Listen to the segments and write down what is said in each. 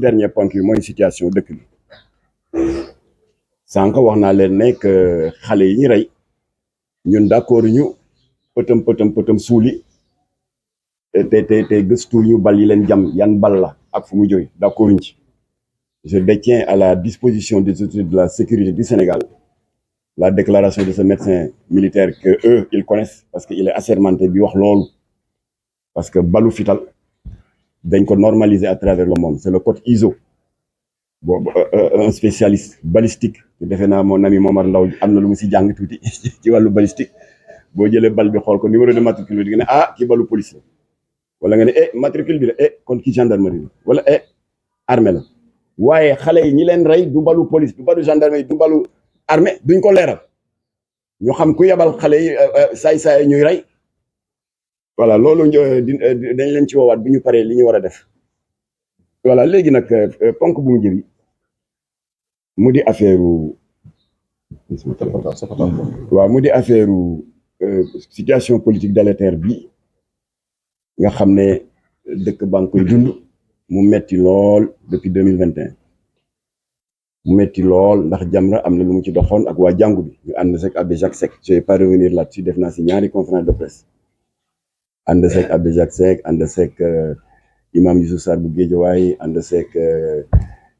dernier point situation de crise. C'est encore que je détiens à la disposition des études de la sécurité du Sénégal la déclaration de ce médecin militaire que eux ils connaissent parce qu'il est assermenté bi parce que balu dañ ko normaliser à travers le monde c'est le code ISO boobu euh, euh, un spécialiste balistique Je naa mon ami Momar Law, am na lu mu si jàng tuuti ci wàllu balistique boo jëlee bal bi xool ko numéro de matricule bi di ah kii balu police la wala nga ne eh matricule bi la eh kon qui gendarmerie Voilà, wala eh armée la waaye xale yi ñi leen du balu police du balu gendarmerie du balu armée duñ ko leeral ñu xam ku yebal ça, yi euh, saay saay ñuy voilà c'est eh, dañ leen ci avons dit. voilà légui nak eh, eh, ponk bu mu mu di wa mu di situation politique dans bi nga xamné dit dëkk mu metti depuis 2021. mu metti lool ndax Jamra amna lu mu ci doxone ak Jacques je vais pas revenir là-dessus def y ñaari conférence de presse and the yeah. Abdjak Imam Yusuf Sarbu Gejawai, and euh,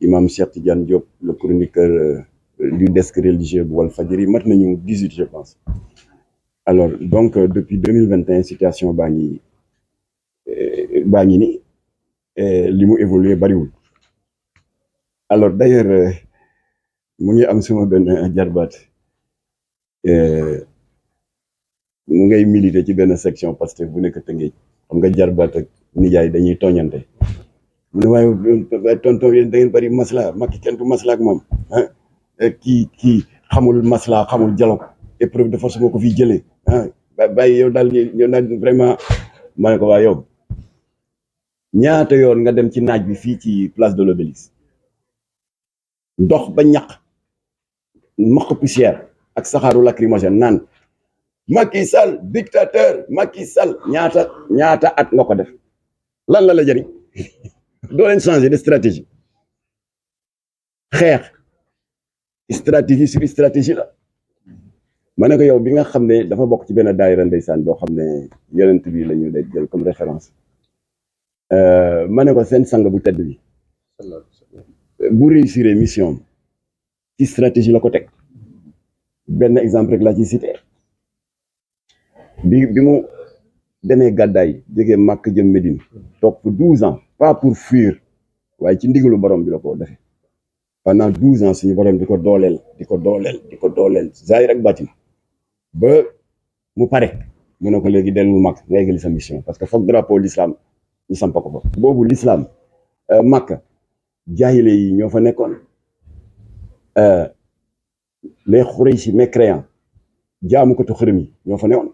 Imam Cheikh Diop, le chroniqueur euh, du desk religieux Walfadiri, Fadjiri. Maintenant, nous 18, je pense. Alors, donc, euh, depuis 2021, situation Bagni, euh, Bagni, euh, l'imou évolué Bariou. Alors, d'ailleurs, euh, moi, je ben un diarbat. Euh, mu ngay militer ci ben section que bu te ngey xam nga jarbat ak nijaay dañuy toñante mu ne way tonto yeen da ngeen bari masla makki kenn masla ak moom eh, ki ki xamul masla xamul jalok épreuve de force moko fi jëlé ah bàyyi yow dal ñu nañ vraiment ma ko waa yow ñaata yoon nga dem ci naaj bi fi ci place de l'Obélisque dox ba ñak maq poussière ak saxaaru lacrymogène Macky Sall dictateur Macky Sall ñaata ñaata ak nga ko def lan la la jëriñ doo leen changer de stratégie xeex stratégie sur stratégie la ma ne ko yow bi nga xam ne dafa bokk ci benn daayira ndeysaan boo xam ne yonent bi la ñu day jël comme référence euh, ma ne ko seen sang bu tedd bi bu réussir mission ci stratégie la ko teg benn exemple rek laa ci cité bi bi mu demee gàddaay jógee màkk jëm Médine top 12 ans pas pour fuir waaye ci ndigalu borom bi lako défé pendant 12 ans suñu borom diko ko diko di diko dooleel di ak baatin ba mu paré mu ne ko léegi dellul màkk nga sa mission parce que foog drapeau l'islam ni samp ko bobu l'islam euh màkk jahilé yi ño fa euh les xuraysi mécréants jaamu ko tu xërëm ño fa newoon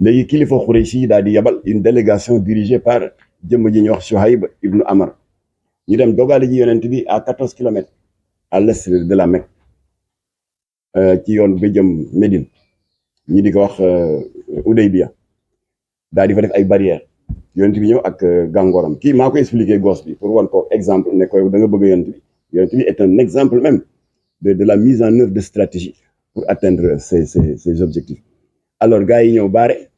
léegi kilifa Xuraysi yi daal di une délégation dirigée par jëmm ji ñuy ibn Suhayb ibnu Amr ñu dem dogaale ji yonent bi à 14 km à l'est de la Mecque euh, ci yoon ba jëm Médine ñi di ko wax euh, Udaybiya daal di fa def ay barrières yonent bi ñëw ak euh, gàngooram kii maa ko expliqué gosse bi pour wan ko exemple ne ko da nga bëgg yonent bi yonent est un exemple même de de la mise en œuvre de stratégie pour atteindre ces ces ces objectifs alors gars yi ñëw baare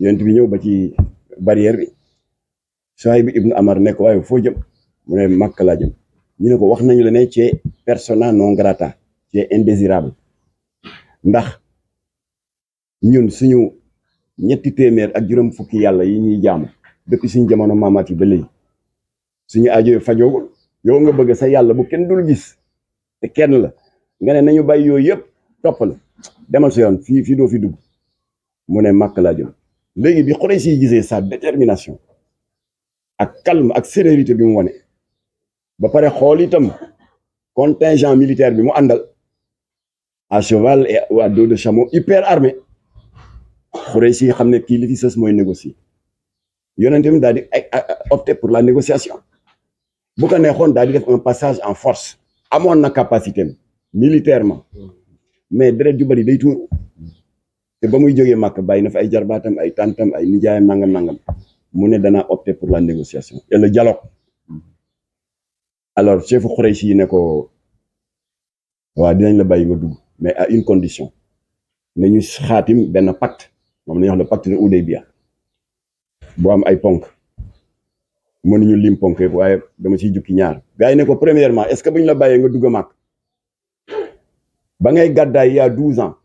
yent bi ñew ba ci barrière bi sahib ibnu Amar ne ko waaye foo jëm mu ne Makka la jëm ñu ne ko wax nañu la ne ci persona non grata ci indésirable ndax ñun suñu ñetti témèr ak juroom fukki yalla yi ñi jaamu depuis suñu jamono mamati ba lay suñu aajo fajoowul yow nga bëgg sa yalla bu kenn dul gis te kenn la nga ne nañu bay yoy yépp topal demal sa yoon fi fi do fi dugg mu ne makka la jëm léegi bi Quraysh yi sa détermination ak calme ak sérénité bi mu woné ba paré xol itam contingent militaire bi mu andal à cheval et à dos de chameau hyper armé Quraysh yi xam ne kii li fi il y négocier a mi daal opté pour la négociation bu ko neexoon daal un passage en force amone na capacité militairement hmm. mais deret ju bari day tout ba muy jógee màkk bàyyi na fa ay jarbaatam ay tàntam ay nijaayam nangam nangam mu ne danaa opter pour la négociation et le dialogue alors chefu Quraysh yi ne ko waaw dinañ la bàyyi nga dugg mais à une condition nañu xaatim benn pacte moom la ñuy wax le bu am ay ponk mënuñu lim ponk yëpp waaye dama ciy jukki ñaar gars yi ne ko premièrement est-ce que bu ñu la bàyyee nga dugg a màkk ba ngay gàddaay yaa douze ans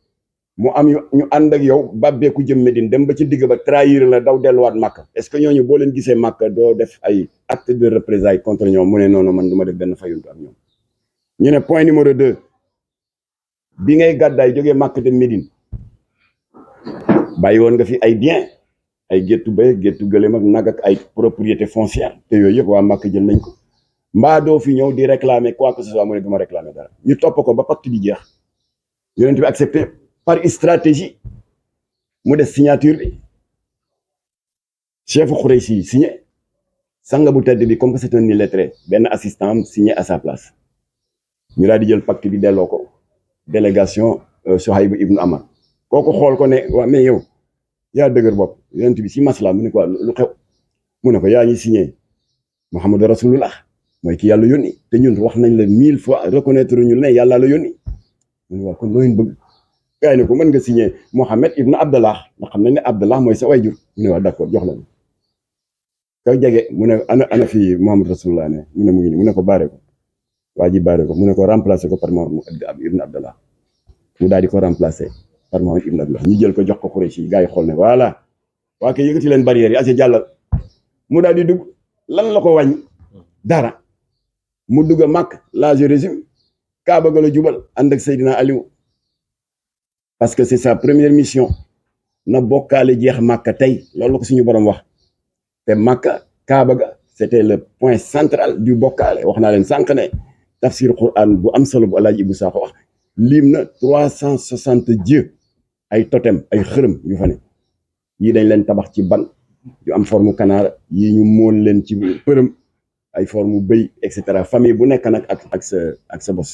mu am ñu ànd ak yow bàbbeeku jëm Medine dem ba ci digg ba trahir la daw delluwaat Màkka est-ce que ñooñu boo leen gisee Màkka doo def ay acte de représailles contre ñoom mu ne noonu man du ma def benn fayuntu ak ñoom ñu ne point numéro deux bi ngay gàddaay jógee Màkka dem Medine bàyyi woon nga fi ay bien ay géttu bay géttu gëléem ak nag ak ay propriété foncière te yooyu yëpp waa Màkka jël nañ ko mbaa doo fi ñëw di réclamer quoi que ce soit mu ne du ma réclamer dara ñu topp ko ba pacte bi jeex yonent bi par stratégie mu des signature chef Khoureychi signé sanga bu tedd bi comme que c'est une lettre, benn assistant am signé à sa place ñu daal di jël pacte bi delloo ko délégation euh, Sohaybu Ibnu Amar kooku xool ko ne waa mais yow yaa dëgër bopp yonent bi si masla mu ne ko lu xew mu ne ko yaa ngi signé Muhammadu Rasulullah moy ki yalla yónni te ñun wax nañ la mille fois reconnaître ñu ne yalla la yónni mu ne waa kon looyun bëgg gaay ne ko man nga signé mohammed ibn Abdallah ndax xamna ni Abdallah moy sa wayjur mu ne waa d'accord jox lañu ka jege mu ne ana ana fi mohammed Rasulullah ne mu ne mu ngi ni mu ne ko baré ko waji baré ko mu ne ko remplacer ko par mohammed ibn Abdallah mu dal di ko remplacer par mohammed ibn Abdallah ñu jël ko jox ko Quraysh gay xol ne wala wa ke yëgati leen barrière yi assez jallal mu dal di dug lan la ko wañ dara mu dugg mak la je résume kaa bëgg la jubal andak ak Seydina Aliou parce que c'est sa première mission na bokkaale jeex màkka tey loolu ko suñu borom wax te màkka kaaba ga c'était le point central du Bokale. waxna len leen sànq tafsir quran bu am solo bu alaaji Ibu Saaxo wax limna na dieux ay totem ay xërem yu fa ne yii dañ leen tabax ci ban yu am forme kanaara yi ñu mol leen ci përëm ay forme beuy etc famille bu nek nak ak ak sa ak sa bos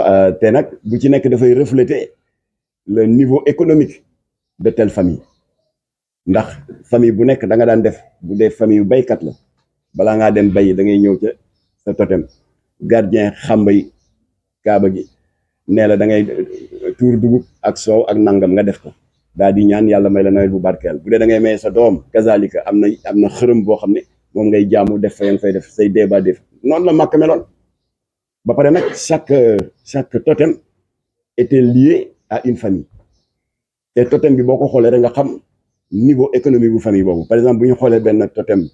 euh, té nak bu ci da fay refléter le niveau économique de telle famille ndax famille bu nek da nga daan def bu la famille baykat la bala nga dem bay da ngay ñew ci sa totem gardien da ngay euh, ak soow ak nangam nga def ko daal di ñaan yalla may la nawet bu barkel bu da ngay may sa doom kazalika amna la ba chaque chaque totem était lié à une famille Et totem bi boko nga niveau économique bu famille par exemple buñu xolé ben totem totem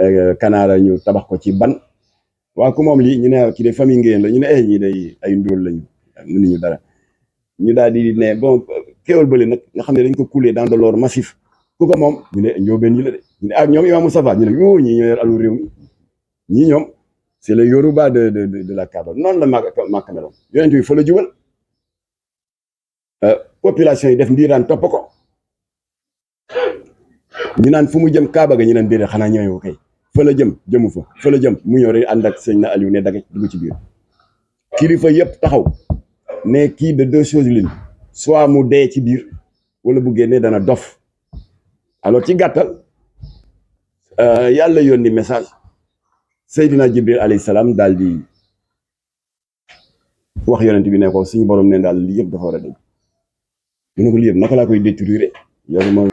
euh, kanaara ñu tabax ko ci ban wa ku mom li ñu ne ci des famille ngeen la ñu né ay eh, ñi day ay ndóol lañu mënuñu dara ñu daal bon nga dañ ko dans de massif ko ñu yi la ah, oh, ñoo c'est le Yoruba de de de la non la Euh, population yi def ndiiraan topp ko ñu naan fu mu jëm Kaaba ga ñu naan déedéet xanaa ñëwee ko kay fa jëm jëmu fa fa la jëm mu ñëw rek ànd ak sëñ na Aliou ne dagg dugg ci biir kilifa yëpp taxaw ne kii de deux choses l'une soit mu dee ci biir wala bu génnee dana dof alors ci gàttal euh, yàlla yoon ni message Seydina Jibril alayhi salaam daal di wax yonent bi ne ko suñu borom ne daal lii yëpp a dégg mu ne ko lii yëpp naka